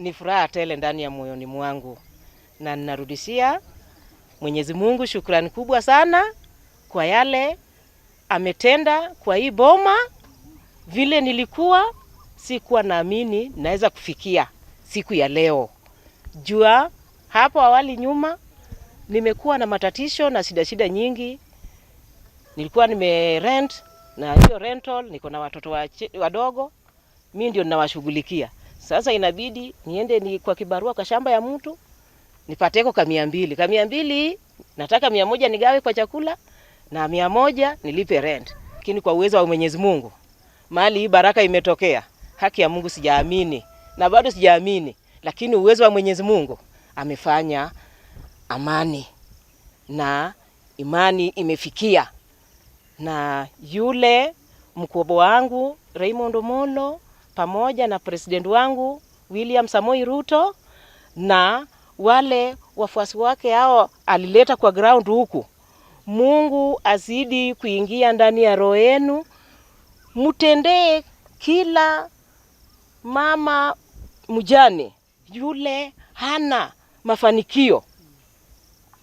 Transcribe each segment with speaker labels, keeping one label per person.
Speaker 1: ni furaha tele ndani ya moyoni mwangu, na ninarudishia Mwenyezi Mungu shukrani kubwa sana kwa yale ametenda kwa hii boma. Vile nilikuwa sikuwa naamini naweza kufikia siku ya leo. Jua hapo awali nyuma nimekuwa na matatisho na shida shida nyingi, nilikuwa rent na hiyo rental, niko na watoto wadogo, mi ndio ninawashughulikia sasa inabidi niende ni kwa kibarua kwa shamba ya mtu nipateko ka mia mbili ka mia mbili nataka mia moja nigawe kwa chakula na mia moja nilipe rent. Lakini kwa uwezo wa Mwenyezi Mungu mali hii baraka imetokea, haki ya Mungu sijaamini na bado sijaamini, lakini uwezo wa Mwenyezi Mungu amefanya amani na imani imefikia, na yule mkubwa wangu Raymond molo pamoja na president wangu William Samoi Ruto na wale wafuasi wake hao alileta kwa ground huku. Mungu azidi kuingia ndani ya roho yenu, mtendee kila mama mjane yule hana mafanikio,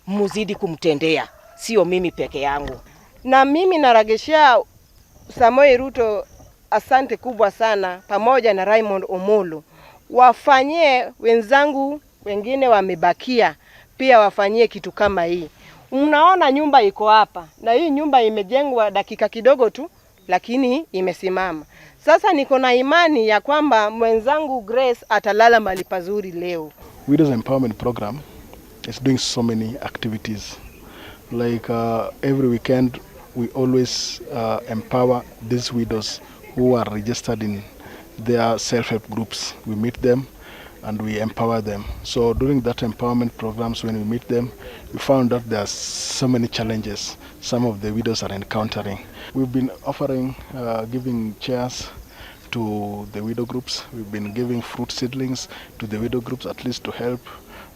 Speaker 1: muzidi kumtendea, sio mimi peke yangu.
Speaker 2: Na mimi naragesha Samoi Ruto asante kubwa sana, pamoja na Raymond Omolo, wafanyie wenzangu wengine wamebakia pia wafanyie kitu kama hii. Mnaona nyumba iko hapa, na hii nyumba imejengwa dakika kidogo tu, lakini imesimama sasa. Niko na imani ya kwamba mwenzangu Grace atalala mahali pazuri leo.
Speaker 3: Widows Empowerment Program is doing so many activities like uh, every weekend we always uh, empower these widows who are registered in their self-help groups. We meet them and we empower them. So during that empowerment programs, when we meet them, we found out there are so many challenges some of the widows are encountering. We've been offering, uh, giving chairs to the widow groups. We've been giving fruit seedlings to the widow groups, at least to help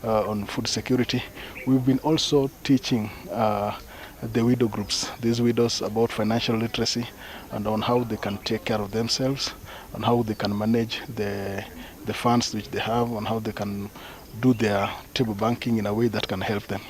Speaker 3: uh, on food security. We've been also teaching. Uh, the widow groups, these widows about financial literacy and on how they can take care of themselves, and how they can manage the, the funds which they have, on how they can do their table banking in a way that can help them.